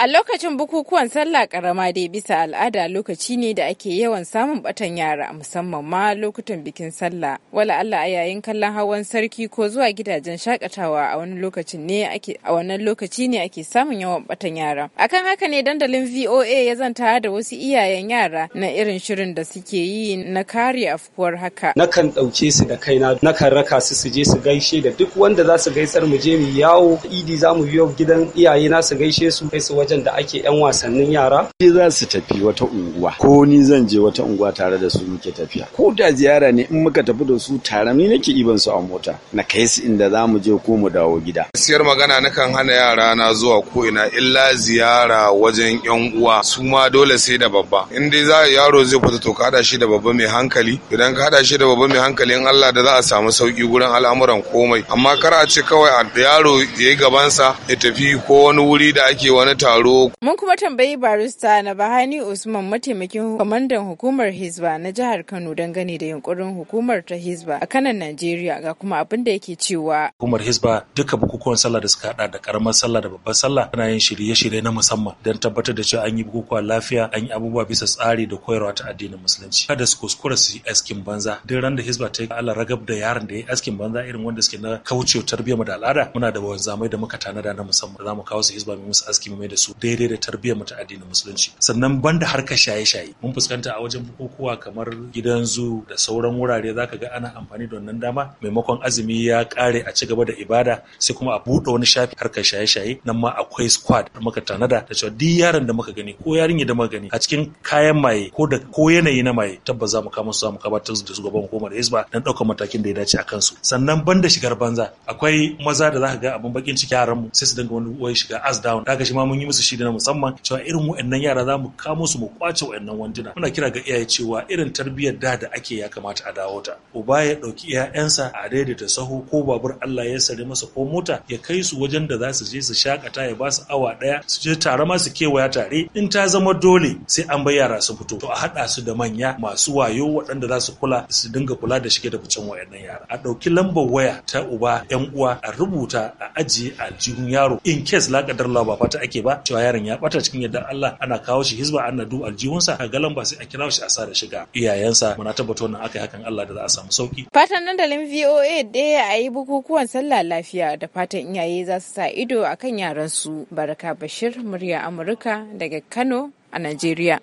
A lokacin bukukuwan sallah karama dai bisa al'ada lokaci ne da ake yawan samun batan yara musamman ma lokutan bikin sallah. Wala Allah a yayin kallon hawan sarki ko zuwa gidajen shakatawa a wani lokacin ne ake a wannan lokaci ne ake samun yawan batan yara. Akan haka ne dandalin VOA ya zanta da wasu iyayen yara na irin shirin da suke yi na kare afkuwar haka. Nakan ɗauke su da kaina, nakan raka su su je su gaishe da duk wanda za su gaisar mu je mu yawo, idi za mu biyo gidan iyaye na su gaishe su kai su wajen da ake yan wasannin yara Ke za su tafi wata unguwa ko ni zan je wata unguwa tare da su muke tafiya ko da ziyara ne in muka tafi da su tare ni nake iban su a mota na kai su inda za mu je ko mu dawo gida siyar magana na kan hana yara na zuwa ko ina illa ziyara wajen yan uwa su ma dole sai da babba in dai za yaro zai fita to ka hada shi da babba mai hankali idan ka hada shi da babba mai hankali in Allah da za a samu sauki gurin al'amuran komai amma kar a ce kawai yaro ya yi gabansa ya tafi ko wani wuri da ake wani taro faru. Mun kuma tambayi barista na Bahani Usman mataimakin kwamandan hukumar Hizba na jihar Kano dangane da yunkurin hukumar ta Hizba a kanan Najeriya ga kuma abin da yake cewa. Hukumar Hizba duka bukukuwan sallah da suka hada da karamar sallah da babbar sallah tana yin shirye-shirye na musamman don tabbatar da cewa an yi bukukuwa lafiya an yi abubuwa bisa tsari da koyarwa ta addinin musulunci. Kada su kuskura su yi askin banza duk ran da Hizba ta yi Allah ragab da yaran da ya yi askin banza irin wanda suke na kaucewa tarbiyyar da al'ada muna da wanzamai da muka tanada na musamman za mu kawo su Hizba mu musu aski mai da su su daidai da tarbiyyar mu ta addinin musulunci sannan banda harkar shaye-shaye mun fuskanta a wajen bukukuwa kamar gidan zu da sauran wurare zaka ga ana amfani da wannan dama maimakon azumi ya kare a ci gaba da ibada sai kuma a buɗe wani shafi harkar shaye-shaye nan ma akwai squad da muka tanada da cewa duk yaron da muka gani ko yarinya da muka gani a cikin kayan maye ko da ko yanayi na maye tabbas za mu kama su za mu kabatar da su gaban hukumar hisba dan ɗaukar matakin da ya dace a kansu sannan banda shigar banza akwai maza da zaka ga abin bakin ciki yaran mu sai su dinga wani wai shiga as down daga shi ma mun yi su shi na musamman cewa irin wa'annan yara za mu kamo su mu kwace wa'annan wanduna muna kira ga iyaye cewa irin tarbiyyar da da ake ya kamata a dawo ta uba ya ɗauki iyayensa a daidaita sahu ko babur Allah ya sare masa ko mota ya kai su wajen da za su je su shakata ya ba su awa daya su je tare ma su kewaya tare in ta zama dole sai an bar yara su fito to a haɗa su da manya masu wayo waɗanda za su kula su dinga kula da shige da ficen wa'annan yara a ɗauki lambar waya ta uba yan uwa a rubuta a ajiye a jihun yaro in case la kadar ba fata ake ba cewa yaron ya bata cikin yadda Allah ana kawo shi hizba ana duba aljihunsa a galan ba sai a kira shi a sa da shiga iyayensa muna tabbata wannan aka hakan Allah da za a samu sauki fatan dandalin VOA da ya yi bukukuwan sallah lafiya da fatan iyaye za su sa ido akan yaran su baraka bashir murya Amurka daga Kano a Najeriya